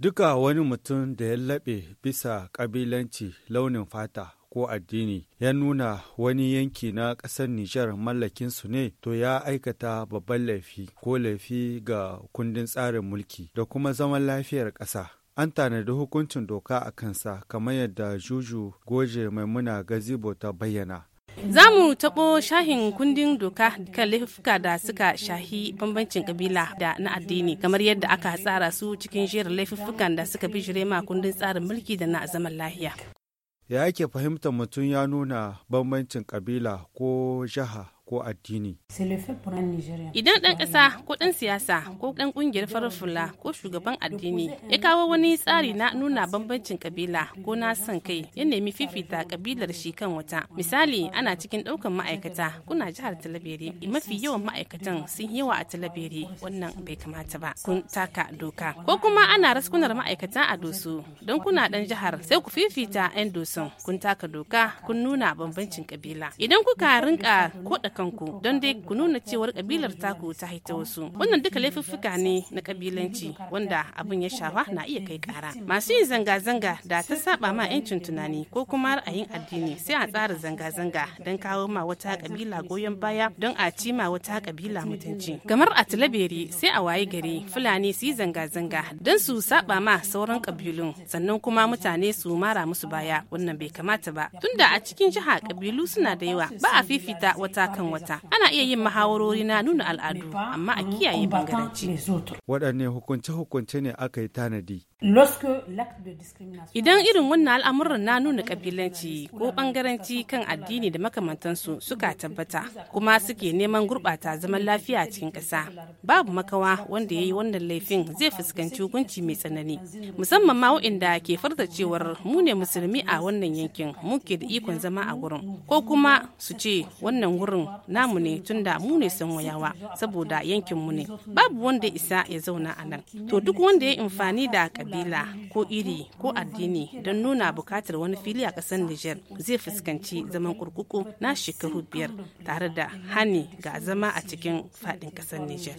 Duka wani mutum da ya laɓe bisa ƙabilanci launin fata ko addini ya nuna wani yanki na ƙasar Nijar mallakinsu ne to ya aikata babban laifi ko laifi ga kundin tsarin mulki da kuma zaman lafiyar ƙasa. An tanadi hukuncin doka a kansa kamar yadda Juju Goje Maimuna Gazibo ta bayyana. Za mu taɓo shahin kundin doka kan laifuka da suka shahi bambancin kabila da na addini kamar yadda aka tsara su cikin jerin laifukan da suka bi jirema kundin tsarin mulki da na zaman lahiya. Ya ake fahimtar mutum ya nuna bambancin kabila ko jiha ko addini. Idan ɗan ƙasa ko ɗan siyasa ko ɗan ƙungiyar farar fula ko shugaban addini ya kawo wani tsari na nuna bambancin kabila ko na son kai ya nemi fifita kabilar shi kan wata. Misali ana cikin ɗaukan ma'aikata kuna jihar Talabere mafi yawan ma'aikatan sun yawa a Talabere wannan bai kamata ba kun taka doka. Ko kuma ana raskunar ma'aikata a dosu don kuna ɗan jihar sai ku fifita 'yan dosin. kun taka doka kun nuna bambancin kabila. Idan kuka rinka koɗa kanku don dai ku nuna cewar kabilar taku ta haita wasu wannan duka laifuffuka ne na kabilanci wanda abin ya shafa na iya kai kara masu yin zanga-zanga da ta saba ma yancin tunani ko kuma ra'ayin addini sai a tsara zanga-zanga don kawo ma wata kabila goyon baya don a ci ma wata kabila mutunci kamar a tilaberi sai a waye gari fulani su yi zanga-zanga don su saba ma sauran kabilun sannan kuma mutane su mara musu baya wannan bai kamata ba tunda a cikin jiha kabilu suna da yawa ba a fifita wata kan wata ana iya yin muhawarori na nuna al'adu amma a kiyaye bangaranci waɗanne hukunce-hukunce ne aka yi tanadi Idan irin wannan al'amuran na nuna kabilanci ko bangaranci kan addini da makamantansu suka tabbata kuma suke neman gurɓata zaman lafiya cikin ƙasa. Babu makawa wanda ya yi wannan laifin zai fuskanci hukunci mai tsanani. Musamman ma waɗanda ke farta cewar mu ne musulmi a wannan yankin muke da ikon zama a gurin. Ko kuma su ce wannan gurin namu ne tunda mu ne san wayawa saboda yankin mu ne. Babu wanda isa ya zauna a nan. To duk wanda ya yi amfani da kabila ko iri ko addini don nuna bukatar wani fili a ƙasar Nijar zai fuskanci zaman kurkuku na shekaru biyar tare da hani ga zama a cikin faɗin ƙasar Nijar.